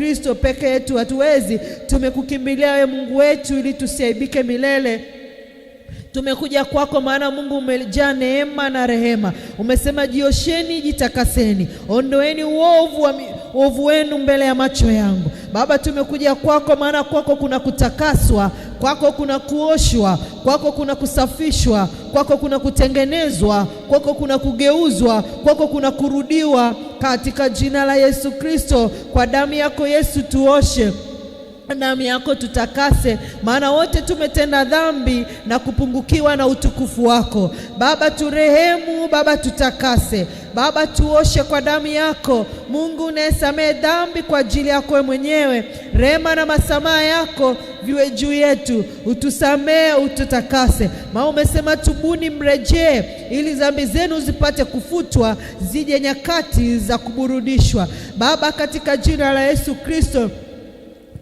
Kristo peke yetu hatuwezi. Tumekukimbilia wewe Mungu wetu, ili tusiaibike milele. Tumekuja kwako maana Mungu umejaa neema na rehema. Umesema jiosheni, jitakaseni, ondoeni uovu wa uovu wenu mbele ya macho yangu. Baba, tumekuja kwako maana kwako kuna kutakaswa, kwako kuna kuoshwa, kwako kuna kusafishwa, kwako kuna kutengenezwa, kwako kuna kugeuzwa, kwako kuna kurudiwa katika jina la Yesu Kristo. Kwa damu yako Yesu tuoshe damu yako tutakase, maana wote tumetenda dhambi na kupungukiwa na utukufu wako. Baba turehemu, Baba tutakase Baba, tuoshe kwa damu yako Mungu unayesamehe dhambi kwa ajili yako wewe mwenyewe. Rehema na masamaha yako viwe juu yetu, utusamehe, ututakase, maana umesema tubuni, mrejee ili dhambi zenu zipate kufutwa, zije nyakati za kuburudishwa. Baba, katika jina la Yesu Kristo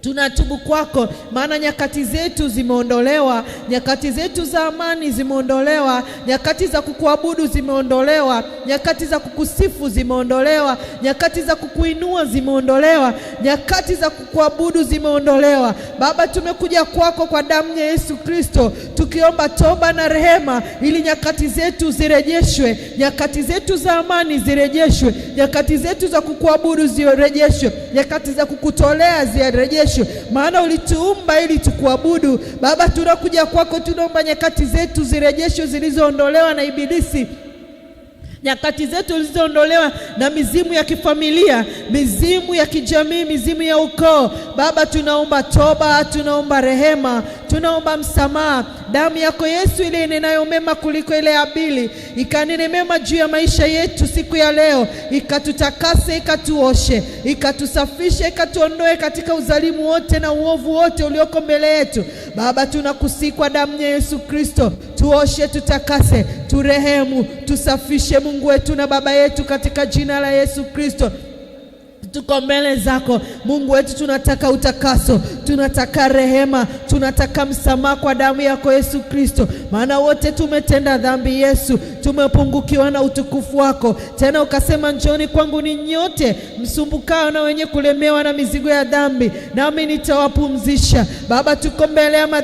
Tunatubu kwako, maana nyakati zetu zimeondolewa, nyakati zetu za amani zimeondolewa, nyakati za kukuabudu zimeondolewa, nyakati za kukusifu zimeondolewa, nyakati za kukuinua zimeondolewa, nyakati za kukuabudu zimeondolewa. Baba, tumekuja kwako kwa damu ya Yesu Kristo tukiomba toba na rehema, ili nyakati zetu zirejeshwe, nyakati zetu za amani zirejeshwe, nyakati zetu za kukuabudu zirejeshwe, nyakati za kukutolea zirejeshwe kesho, maana ulituumba ili tukuabudu. Baba, tunakuja kwako, tunaomba nyakati zetu zirejeshwe zilizoondolewa na Ibilisi nyakati zetu zilizoondolewa na mizimu ya kifamilia, mizimu ya kijamii, mizimu ya ukoo. Baba, tunaomba toba, tunaomba rehema, tunaomba msamaha Damu yako Yesu ile inenayo mema kuliko ile ya Abili ikanene mema juu ya maisha yetu siku ya leo, ikatutakase, ikatuoshe, ikatusafishe, ikatuondoe katika uzalimu wote na uovu wote ulioko mbele yetu. Baba, tunakusihi kwa damu ya Yesu Kristo, tuoshe, tutakase, turehemu, tusafishe, Mungu wetu na Baba yetu, katika jina la Yesu Kristo. Tuko mbele zako Mungu wetu, tunataka utakaso, tunataka rehema, tunataka msamaha kwa damu yako Yesu Kristo, maana wote tumetenda dhambi. Yesu, tumepungukiwa na utukufu wako. Tena ukasema njoni kwangu ni nyote msumbukao na wenye kulemewa na mizigo ya dhambi, nami nitawapumzisha. Baba, tuko mbele ya